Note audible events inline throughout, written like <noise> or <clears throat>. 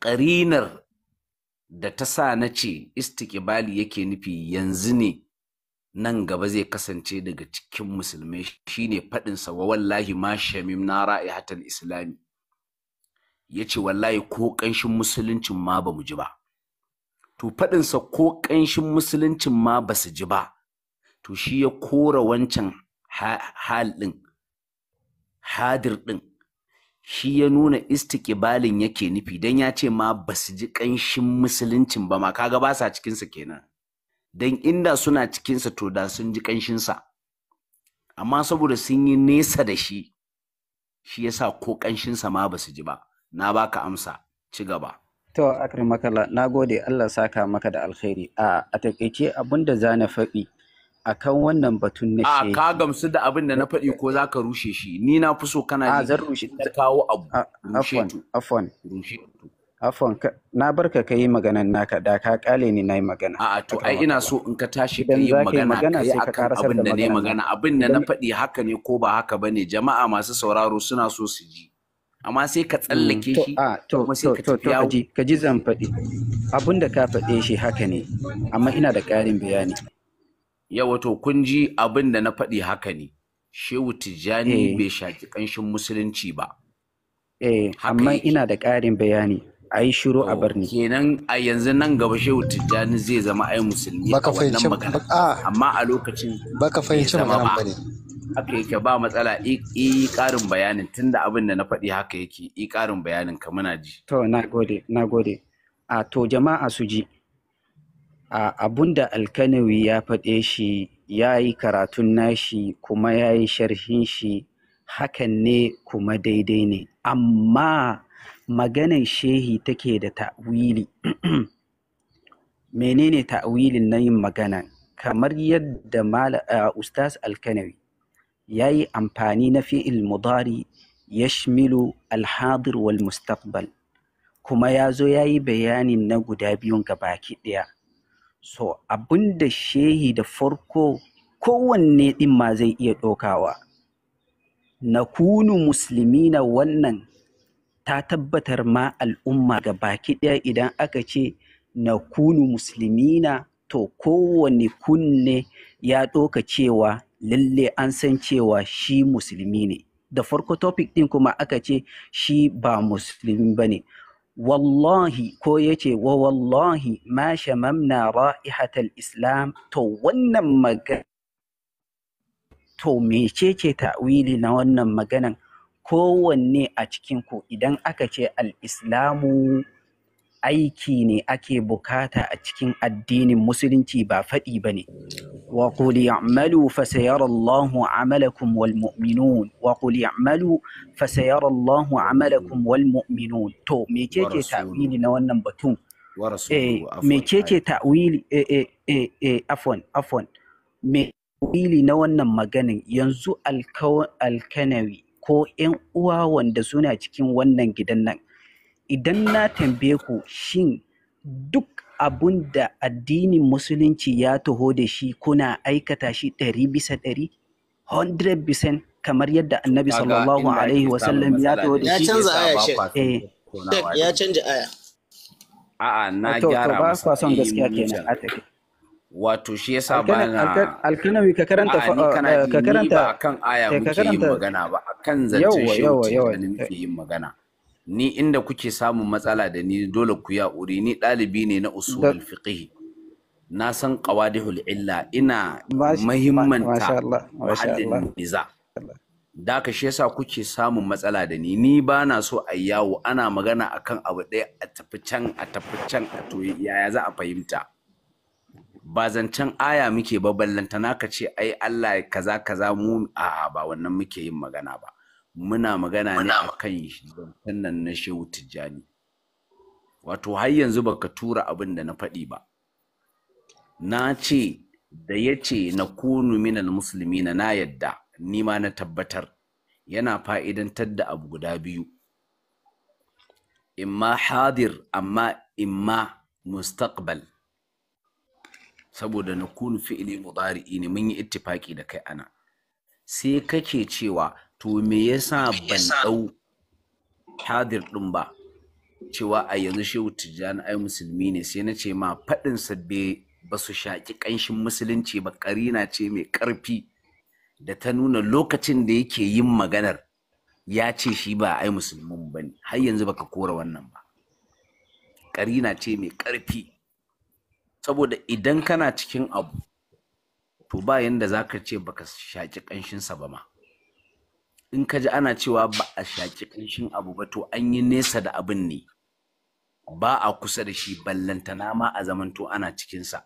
ƙarinar da ta sa na ce istiƙibali yake nufi yanzu ne nan gaba zai kasance daga cikin musulmai shine faɗinsa wa wallahi ma shamim na ra'ihatal islami ya ce wallahi ko ƙanshin musuluncin ma ba mu ji ba to faɗinsa ko ƙanshin musuluncin ma ba su ji ba to shi ya kora wancan hal hadir ɗin shi ya nuna istiqbalin yake nufi don ya ce ma ba su ji ƙanshin musuluncin ba ma kaga ba sa cikinsa kenan Don inda suna cikinsa to da sun ji ƙanshinsa? amma saboda sun yi nesa da shi shi yasa ko ƙanshinsa ma ba su ji ba na baka amsa ci gaba to akrim na gode Allah saka maka da alkhairi a a takeice za na faɗi akan wannan batun na shehi. A ka gamsu da abin da na faɗi ko za ka rushe shi. Ni na fi so kana zan rushe ta kawo abu. Afwan, afwan. Afwan, na bar ka kai maganan naka da ka kale ni na yi magana. A'a to ai ina so in ka tashi ka yi magana ka yi akan abin da na yi magana. Abin da na faɗi haka ne ko ba haka ba ne jama'a masu sauraro suna so su ji. Amma sai ka mm, tsallake shi. A to to to to ka ji zan faɗi. Abin da ka faɗe shi haka ne amma ina da ƙarin bayani. yawa to kun ji abin da na faɗi haka ne shehu tijjani eh. bai shaƙi ƙanshin musulunci ba eh amma ina da ƙarin bayani a yi shiru a birni kenan a yanzu nan gaba shehu tijjani zai zama ai musulmi a wannan magana amma a lokacin baka fahimci magana ba ne haka yake ba matsala i ƙarin bayanin tunda abin da na faɗi haka yake i ƙarin bayanin ka muna ji to na gode na gode a to jama'a su ji a abun da Alkanawi ya faɗe shi ya yi karatun nashi kuma ya yi sharhin shi hakan ne kuma daidai ne amma maganan shehi take da ta'wili <clears throat> menene ta'wilin na yin magana kamar yadda ustaz alkanawi ya yi amfani na fi'il mudari ya shmilu alhadir wal mustaqbal kuma ya zo ya yi bayanin na guda biyun gabaki ɗaya so abin da shehi da farko kowanne ɗin ma zai iya ɗaukawa na kunu musulmi na wannan ta tabbatar ma al'umma ga baki ɗaya idan aka ce na kunu musulmi na to kowane kunne ya ɗoka cewa lalle an san cewa shi musulmi ne da farko topic ɗin kuma aka ce shi ba musulmi ba ne wallahi ko yace wa wallahi ma shamamna ra'ihatal islam to wannan magana to mecece ta'wili na wannan maganan kowanne a cikinku idan aka ce al-islamu aiki ne ake bukata a cikin addinin musulunci ba faɗi ba ne wa kuli ya'malu fa sayara Allahu 'amalakum wal mu'minun wa kuli ya'malu fa sayara Allahu 'amalakum wal mu'minun to me ke ke ta'wili na wannan batun eh, me ke ke ta'wili eh, eh eh eh afwan afwan me ta'wili na wannan maganin yanzu alkanawi ko 'yan uwa wanda suna cikin wannan gidan nan idan na tambaye ku shin duk abun da addinin musulunci ya taho da shi kuna aikata shi ɗari bisa ɗari 100% kamar yadda annabi sallallahu alaihi wasallam ya taho da shi ya canza aya a ya na gyara ba son gaskiya kenan a take wato shi yasa ba na alkinawi ka karanta eh, ka karanta eh, ba kan aya muke yin magana ba akan zancen shi muke yin magana ni inda kuke samun matsala da ni dole ku ya uri ni ɗalibi ne na usulul fiqh na san qawadihul illa ina masha Allah iza da ka shi yasa kuke samun matsala da ni ni ba na so a yawo ana magana akan abu ɗaya a tafi can a tafi can a to yaya za a fahimta ba zancen aya muke ba na ka ce ai Allah kaza kaza mu a'a ba wannan muke yin magana ba muna magana ne a kan zancen nan na shehu tijjani wato har yanzu baka tura abin da na faɗi ba na ce da ya ce na kunu minal musulmi na na yadda nima na tabbatar yana fa'idantar da abu guda biyu imma hadir amma imma mustaqbal saboda na kunu fi'ili mudari'i ne mun yi ittifaki da kai ana sai kake cewa to me yasa ban dau hadir din ba cewa a yanzu shehu tijjani ai musulmi ne sai na ce ma faɗin sabbe ba su shaki ƙanshin musulunci ba karina ce mai ƙarfi da ta nuna lokacin da yake yin maganar ya ce shi ba ai musulmin ba har yanzu baka kora wannan ba ƙarina ce mai ƙarfi saboda idan kana cikin abu to ba yanda za ka ce baka shaki ƙanshinsa ba ma in ka ji ana cewa ba a shaƙi ƙanshin abu ba to an yi nesa da abin ne ba a kusa da shi ballantana ma a zamanto ana cikinsa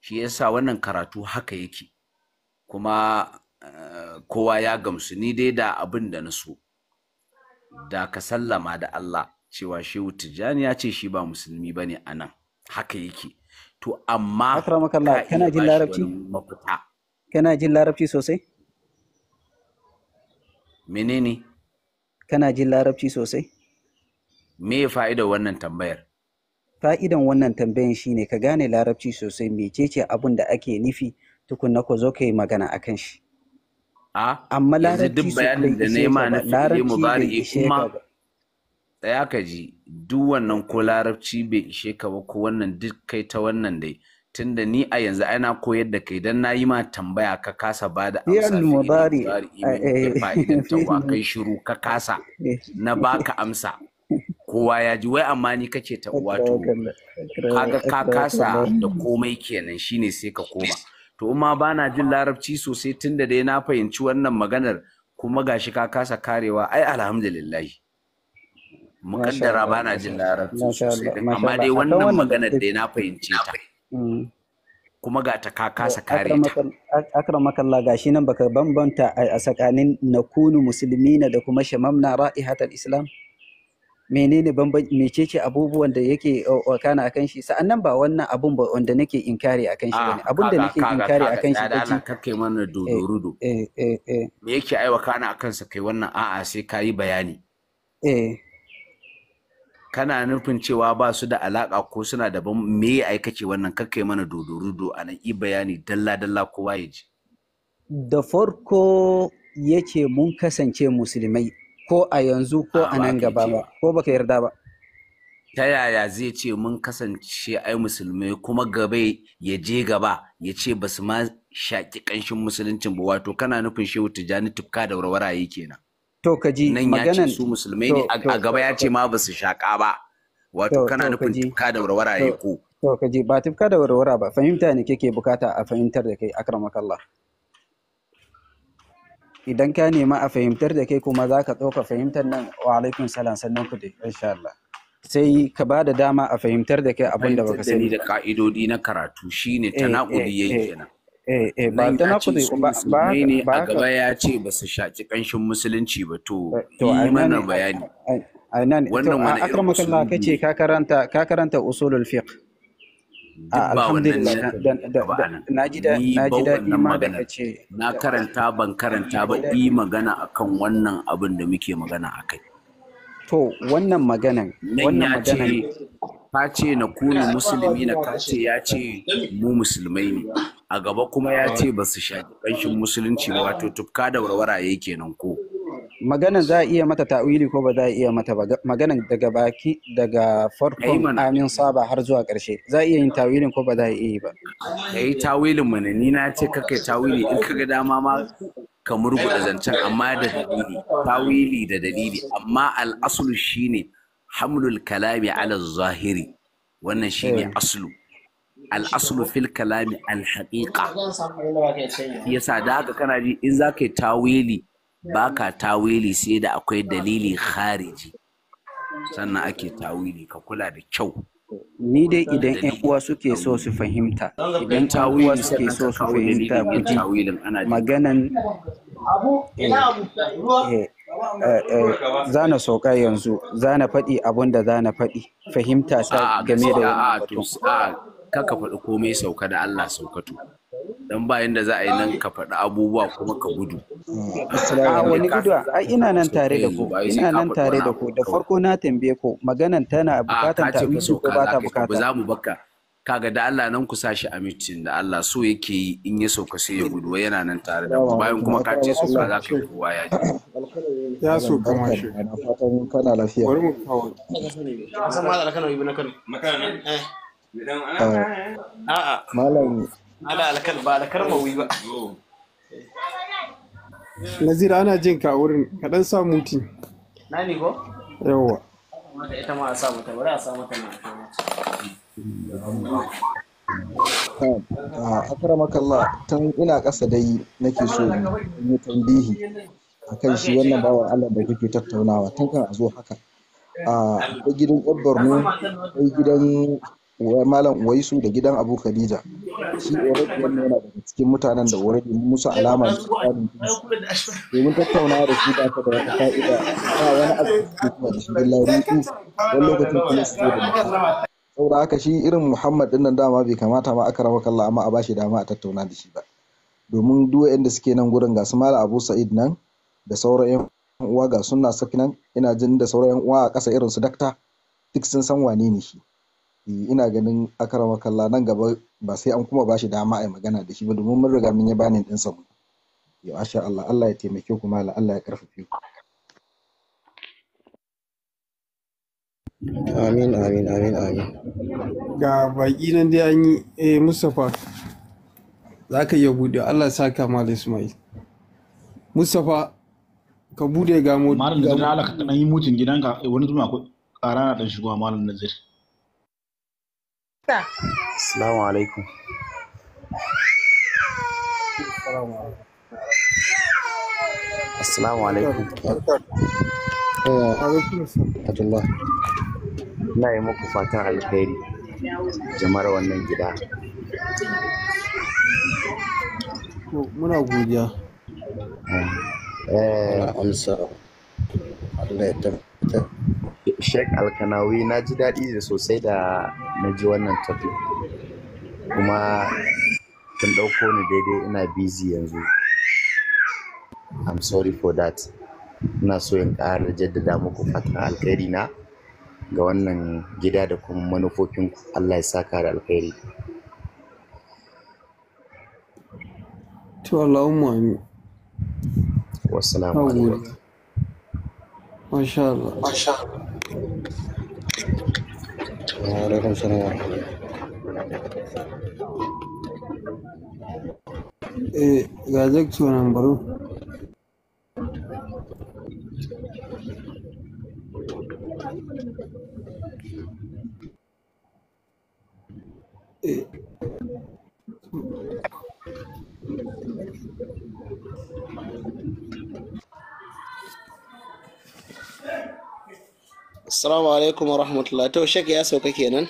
shi yasa wannan karatu haka yake kuma eh, kowa ya gamsu ni dai da abin da na so da ka sallama da Allah cewa shehu tijjani ya ce shi ba musulmi ba ne a nan haka yake to amma kana jin larabci kana jin larabci sosai menene kana jin larabci sosai me fa'idar wannan tambayar fa'idan wannan tambayan shine ka gane larabci sosai mecece abin da ake nufi tukunna ko zo ka yi magana akan shi a amma larabci bayanin da na ma na fi'ili kuma tsaya ka ji duk wannan ko larabci bai ishe ka ba ko wannan duk kai ta wannan dai tunda ni a yanzu ana koyar da kai na yi ma tambaya ka kasa ba da amsa eh, eh, eh. kai shiru ka kasa na baka amsa kowa ya ji wai amma ni kake ta to kaga ka kasa da komai kenan shine sai ka koma to ba na jin larabci sosai tunda dai na fahimci wannan maganar kuma gashi ka kasa karewa ai alhamdulillah mukaddara na jin larabci sosai amma dai wannan maganar dai na fahimce ta Mm. kuma ga ta ka kasa eh, kare ta akramakallah gashi nan baka bambanta a tsakanin nakunu musulmina da kuma shamamna ra'ihatal islam menene bambanci mecece abubuwan da yake wakana akan shi sa'annan ba wannan abun ba wanda nake inkari akan shi ah, bane abun da nake inkari akan shi ka kake mana eh, dodorudo eh eh eh me yake aiwaka kana akan sa kai wannan a'a sai yi bayani eh kana nufin cewa ba su da alaƙa ko suna daban me ya aikace wannan kakai mana dodorudo a nan i bayani dalla-dalla kowa ya ji da farko ya mun kasance musulmai ko a yanzu ko a nan gaba ba ko baka yarda ba ta yaya zai ce mun kasance ai musulmai kuma gaba ya je gaba ya ce ba su ma shaƙi ƙanshin musuluncin ba wato kana nufin shehu tijjani tufka da warwara kenan to ka ji maganan su musulmai ne a gaba ya ce ma ba su shaƙa ba wato kana nufin tufka da warwara ya ko to ka ji ba tufka da warwara ba fahimta ne kake bukata a fahimtar da kai akramakallah idan ka nema a fahimtar da kai kuma za ka tsoka fahimtar nan wa alaikun salam sannan ku dai insha Allah sai ka ba da dama a fahimtar da kai abin da baka sani da ka'idodi na karatu shine eh, eh, tanakudi yayi eh. kenan eh eh ba ta na kudi ba ne a gaba ya ce ba su shaki ƙanshin musulunci ba to eh, yi mana bayani nan wannan wani irin usul kace ka karanta ka karanta usulul fiqh ah, alhamdulillah na ji daɗi ma da ce na karanta ban karanta ba yi magana akan wannan abin da muke magana akai to wannan maganan wannan maganan Ta ce na kunu musulmi na ka ce ya ce mu musulmai ne a gaba kuma ya ce ba su shaƙi ƙanshin musulunci ba wato tufka da warwara ya kenan ko maganan za a iya mata ta'wili ko ba za a iya mata ba maganan daga baki daga farkon amin saba har zuwa ƙarshe za a iya yin ta'wilin ko ba za a iya yi ba yi ta'wilin mana ni na ce kakai ta'wili in ka ga dama ma ka murguɗa zancen amma da dalili ta'wili da dalili amma al'asul shine hamlul kalami ala zahiri wannan shine eh. aslu al aslu fil kalami al haqiqa yasa da haka kana ji in zaka yi tawili baka tawili sai da akwai dalili khariji sannan ake tawili ka kula da kyau ni dai idan ƴan uwa suke so su fahimta idan tawili suke so su fahimta guji maganan eh, Eh, eh, zana soka yanzu zana faɗi abun da zana faɗi fahimta ta game da wannan batun kaka faɗi komai sauka da Allah saukatu dan bayan da za a yi nan ka faɗi abubuwa kuma ka gudu a wani gudu ai ina nan tare da ku ina nan tare da ku da farko na tambaye ku maganan tana bukatan ta ko ba ta bukata ba za mu bakka kaga da Allah nan ku sashi a mitin da Allah so yake yi in ya sauka sai ya gudu yana nan tare da ku bayan kuma ka ce ka za ka yi kowa ya ji ya so ka kama shi fatan kana lafiya bari mu kawo san ma da kana yi na kano na kano eh, eh. a a malam ala alkal ba da wi ba Nazira ana jin ka wurin ka dan sa muti nani ko yawa ita ma a sa mata bari a sa mata na Ah, akramakallah tun ina ƙasa dai nake so yi tambihi akan shi wannan bawan Allah da kuke tattaunawa tun kan a zo haka ah, akwai gidan ƴan mu, akwai gidan malam Waisu da gidan Abu Khadija shi already wannan yana daga cikin mutanen da already musu alama da tsarin domin eh, tattaunawa da shi ba ta da wata fa'ida ba wani abu da shi da lari'u wani lokacin kuma su zo da saboda haka shi irin muhammad din nan dama bai kamata ma aka raba kalla amma a bashi dama a tattauna da shi ba domin duk waɗanda suke nan gurin ga su mala abu sa'id nan da sauran yan uwa ga sunna saki nan ina jin da sauran yan uwa a kasa irin su dakta duk sun san wane ne shi eh, ina ganin akarama kalla nan gaba ba sai an kuma bashi dama a yi magana da shi ba domin mun riga mun yi banin ɗinsa mu ya Allah Allah ya taimake ku Allah ya karfafe ku Amin, amin, amin, amin. Ga baƙi nan dai an yi, eh Mustapha, za ka iya buɗe, Allah sa ka Malam Ismail. Mustapha, ka buɗe ga mu. Malam Nazir, Allah ka ɗan yi mutin gidanka, eh, wani zuma akwai ƙara na ɗan shigowa Malam Nazir. Assalamu alaikum. Assalamu alaikum. Assalamu alaikum. ina yi muku fatan alheri jama'ar wannan gida muna godiya eh, amsa Allah ya tabbata Sheikh Alkanawi na ji daɗi da sosai da na ji wannan topic kuma kun ɗauko ni daidai ina busy yanzu I'm sorry for that ina so in ƙara jaddada muku fatan alheri na ga wannan gida da kuma manufofin Allah ya saka da alkhairi to Allahumma amin wassalamu alaikum masha Allah masha Allah wa alaikum salam eh ga zakto nan baro assalamu alaikum wa rahmatullah to shek ya sauka kenan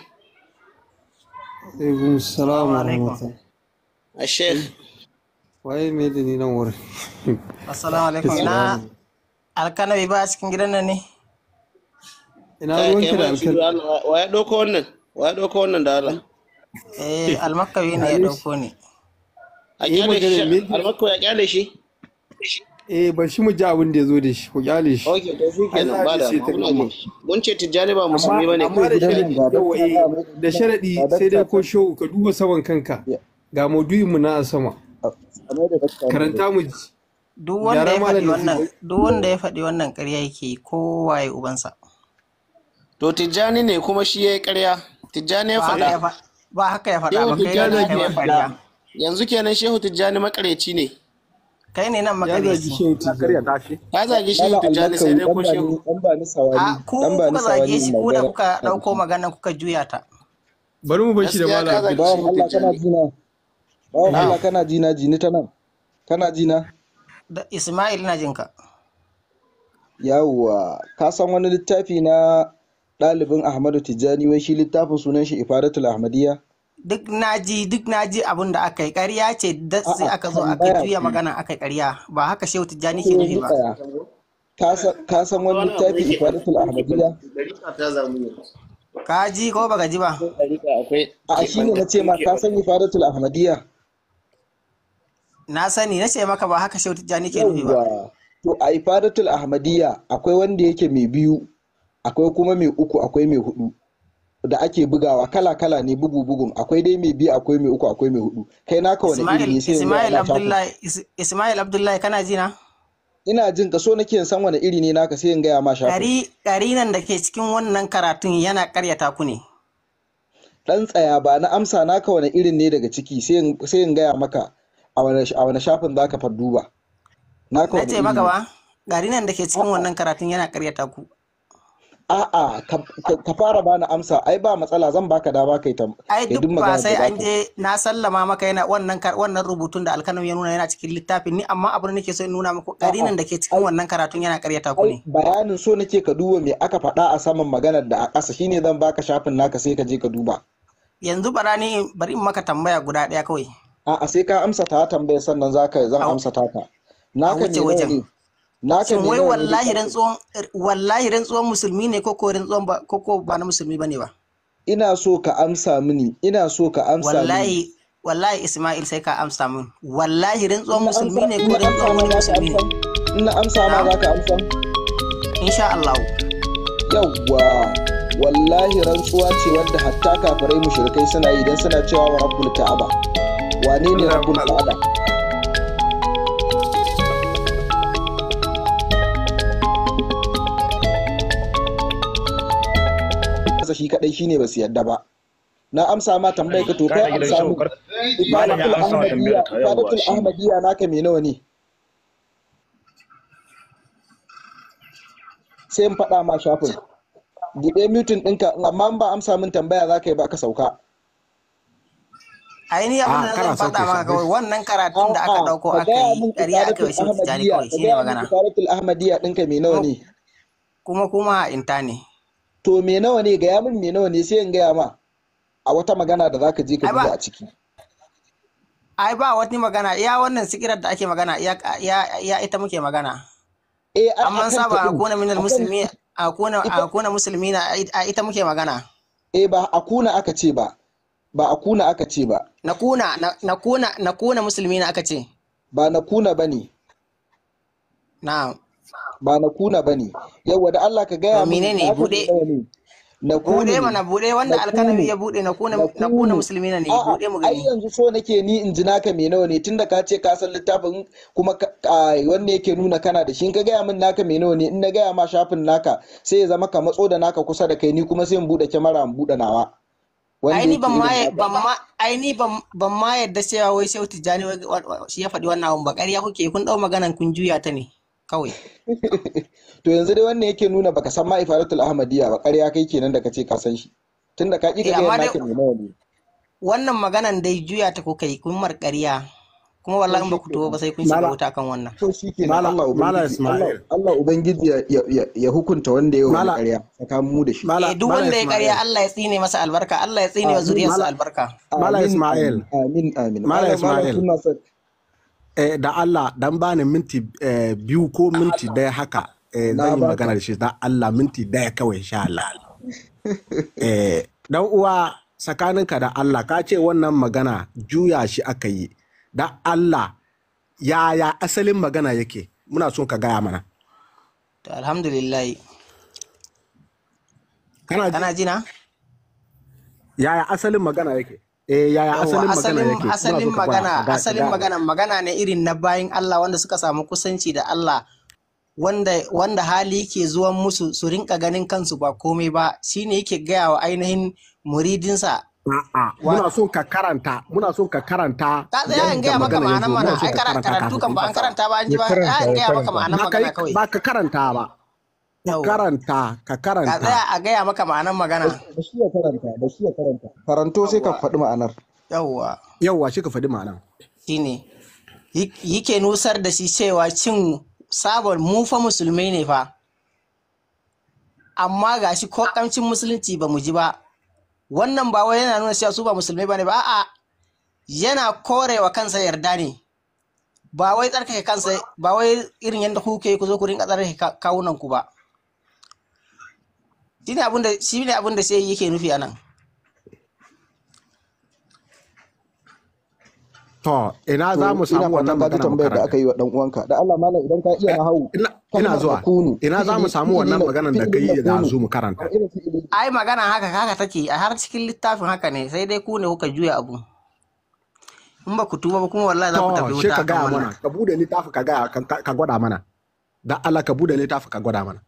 alaikum salamu alaikum a shek waye mai da ni nan wuri. assalamu alaikum ina alkanabi ba a cikin gidan nan ne ina ruwan ki da alkanabi waye doko wannan waye doko wannan da Allah eh almakawi ne ya doko ne a kyale shi almakawi ya kyale shi eh ba shi mu ji abin da ya zo da shi ku kyale shi okay to shi kenan ba da mun ce tijjani ba musulmi bane ko da sharadi eh, da sharadi sai dai ko show ka duba saman kanka ga maudu'in mu na sama karanta mu duk wanda ya faɗi wannan duk wanda ya faɗi wannan ƙarya yake kowa ya ubansa to tijjani ne kuma shi ya yi ƙarya tijjani ya faɗa ba haka ya faɗa ba kai ne ya faɗa yanzu kenan shehu tijjani makareci ne kai ne nan magana sai dai ko dan ba ni shi kuka dauko magana kuka juya ta bari mu shi da kana jina Ismail na jinka yawwa ka san wani littafi na ɗalibin Ahmadu Tijjani wai shi littafin sunan shi Ifadatul Ahmadiyya duk naji duk naji abun da aka yi ƙarya ce da sai aka zo aka juya magana aka yi ƙarya ba haka shehu tijjani ke nufi ba ka san wani littafi ifadatul ahmadiyya ka ji ko baka ji ba a shi ne na ce ma ka san ifadatul ahmadiyya na sani na ce maka ba haka shehu tijjani ke nufi ba to a ifadatul ahmadiyya akwai wanda yake mai biyu akwai kuma mai uku akwai mai hudu da ake bugawa kala kala ne bugu bugun akwai dai mai biyu akwai mai uku akwai mai hudu kai naka wani iri ne sai Ismail Abdullahi Ismail Abdullahi kana ji na ina jin ka so nake san wani iri ne naka sai in gaya ma shafi kari kari nan da ke cikin wannan karatun yana karyata ku ne dan tsaya ba na amsa naka wani irin ne daga ciki sai in gaya maka a wani shafin zaka fardu ba Na wani iri ne maka ba nan da ke cikin wannan karatun yana karyata ku a'a ka fara bani amsa ai ba matsala zan baka da baka ita ai duk ba sai an je na sallama maka yana wannan wannan rubutun da alkanon ya nuna yana cikin littafin ni amma abin nake so in nuna maka karinan da ke cikin wannan karatun yana karyata ku ne bayanin so nake ka duba me aka faɗa a saman maganar da a ƙasa shine zan baka shafin naka sai ka je ka duba yanzu bara ni bari in maka tambaya guda ɗaya kawai a'a sai ka amsa ta tambaya sannan zaka zan amsa ta ka naka wajen wai er, wallahi rantsuwan wallahi musulmi ne ko korin rantsuwan ba ko ko ba na musulmi bane ba. Ina so ka amsa mini, ina so ka amsa wallahi, mini. Wallahi wallahi Ismail sai ka amsa mini. Wallahi rantsuwan musulmi ne ko ran wani musulmi ne. Ina amsa ma za ka amsa. Insha Allah. Yawwa. wallahi rantsuwa ce wadda hatta kafirai mushrikai suna yi don suna cewa wa rabbul ka'aba wane ne rabbul ka'aba kansa shi kadai shine ba su yadda ba na amsa ma tambayar ka to kai an samu ibadatul ahmadiyya ibadatul ahmadiyya naka me nawa ne sai in faɗa ma shafin gibe mutin ɗinka amma ba amsa min tambaya za ka yi ba ka sauka a yini abin da ah, zan faɗa ma kawai wannan karatun da aka dauko aka yi ƙarya aka yi wasu tijjani kawai shi ne magana ibadatul ahmadiyya ɗinka me nawa ne kuma kuma inta ne to me nawa ne gaya min me nawa ne sai in gaya ma a wata magana da zaka je ka duba a ciki ai ba wani magana iya wannan sikirar da ake magana iya ita muke magana eh amma saba a kona minal musulmi a a kona musulmi na a ita muke magana eh ba a kuna aka ce ba ba a kuna aka ce ba na kuna na kuna na kuna musulmi na aka ce ba na kuna bane na'am ba na kuna bane yauwa da Allah ka gaya mu ne bude na kune mana bude wanda alkalami ya bude na kuna na kuna musulmi ne ya bude mu gani ai yanzu so nake ni in ji naka me nawa ne tunda ka ce ka san littafin kuma wanne yake nuna kana da shi in ka gaya min naka me nawa ne in na gaya ma shafin naka sai ya zama ka matso da naka kusa da kai ni kuma sai in bude kyamara in bude nawa aini ban ma ban ma aini ban ma yadda cewa wai sai tijani shi ya faɗi wannan abun ba ƙarya kuke kun dau maganan kun juya ta ne kawai <laughs> to yanzu dai wannan yake nuna baka san ma ifadatul ahmadiyya ba ƙarya kai kenan da kace ka san shi tunda ka ƙi ka eh, ga nakin ne nawa ne wannan maganan dai juya ta ko yi kun mar ƙarya kuma wallahi ba ku to ba sai kun shiga wuta kan wannan to shikenan Allah ubangiji Allah ubangiji ya hukunta wanda ya wani ƙarya tsakanin mu da shi eh duk wanda ya ƙarya Allah ya tsine masa albarka Allah ya tsine wa zuriyarsa albarka Mala Ismail amin amin Mala Ismail Eh, da Allah dan bani minti eh, biyu ko minti daya haka eh, zan yi magana da shi da Allah minti daya kawai sha Allah <laughs> dan uwa tsakaninka da Allah ka ce wannan magana juya shi aka yi da Allah yaya asalin magana yake muna son ka gaya mana to alhamdulillah kana jina yaya asalin magana yake eh yaya asalin magana yake asalin magana asalin magana magana ne irin na bayin Allah wanda suka samu kusanci da Allah wanda wanda hali yake zuwan musu su rinka ganin kansu ba komai ba shine yake gaya wa ainihin muridinsa A'a, muna son ka karanta, muna son ka karanta. Ta tsaya in gaya maka ma'anar mana, ai karatu kan ba an karanta ba an ji ba, ai in gaya maka ma'anar magana kawai. Ba ka karanta ba. karanta ka karanta ka tsaya a gaya maka ma'anar magana da shi ya karanta da shi ya karanta karanto sai ka faɗi ma'anar yawwa yawwa shi ka faɗi ma'anar shine yake nusar da shi cewa cin sabon mu fa musulmai ne fa amma ga shi ko kamcin musulunci ba mu ji ba wannan ba wai yana nuna cewa su ba musulmai ba ne ba a'a yana korewa kansa yarda ne ba wai tsarkake kansa ba wai irin yadda kuke ku zo ku rinka tsarkake kawunan ku ba shi ne da shine abin da sai yake nufi anan to ina za mu samu wannan ba gitan bai da aka yi wa dan uwanka da Allah malam idan ka iya na hawu ina zuwa ina za mu samu wannan maganar da kai da zu mu karanta ai magana haka haka take a har cikin littafin haka ne sai dai ku ne kuka juya abu in ba ku tuba ba kuma wallahi za ku tafi wuta ka ga mana ka bude littafi ka ga ka gwada mana da Allah ka bude littafi ka gwada mana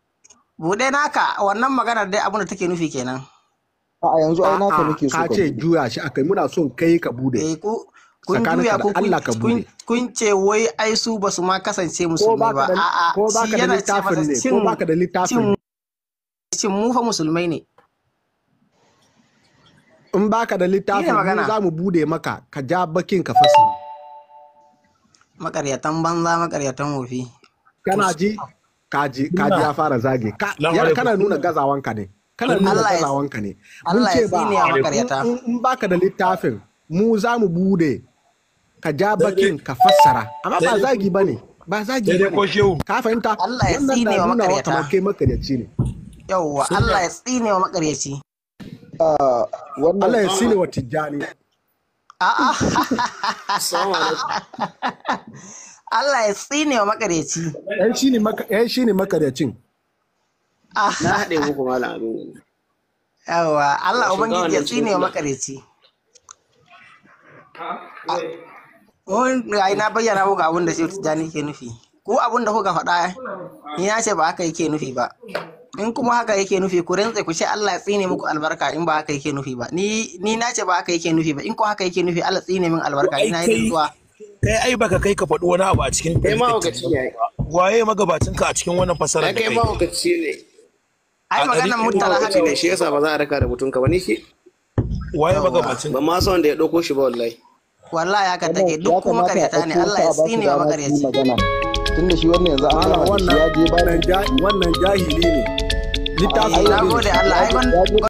Buɗe naka wannan maganar dai abin da take nufi kenan. A yanzu ai naka nake so ka ce juya shi akai muna son kai ka bude. Eh, kun juya ko kun ce wai ai su ba su ma kasance musulmi ba a'a shi yana ce littafin cin cin mu fa musulmai ne in baka da littafin mu za mu bude maka ka ja bakin ka fasu. makaryatan banza makaryatan wofi kana ji kaji kaji ya fara zage kana nuna gazawanka ne kana nuna gazawanka ne mun ce ba in baka da littafin mu za mu bude ka ja bakin ka fassara amma ba zagi ba ne ba zagi ba ne ka fahimta wannan na nuna wa kamar kai makaryaci ne yawwa Allah ya tsine wa makaryaci ah, Allah ya tsine wa tijjani a'a <laughs> Allah ya tsine wa makareci. Yan shi ne makarecin. Ah. Na haɗe muku malam Aminu. Allah Ubangiji ya tsine wa makareci. Ah. Mun rayu na bayyana muku abin da Shehu Tijjani ke nufi. Ko abin da kuka faɗa ya ce ba haka yake nufi ba. In kuma haka yake nufi ku rantse ku ce Allah ya tsine muku albarka in ba haka yake nufi ba. Ni na ce ba haka yake nufi ba. In ko haka yake nufi Allah tsine min albarka ina yi zuwa. kai ai baka kai ka faɗi wani abu a cikin kai ma wakaci ne waye magabacin ka a cikin wannan fasara kai ma wakaci ne ai maganar mutala haka ne shi yasa ba za a raka da butun ka ba ni shi waye magabacin ba ma son da ya dauko shi ba wallahi wallahi haka take duk kuma karyata ne Allah ya tsine wa makaryaci tunda shi wannan yanzu an wannan ya je ba wannan jahili ne ni littafin na gode Allah ai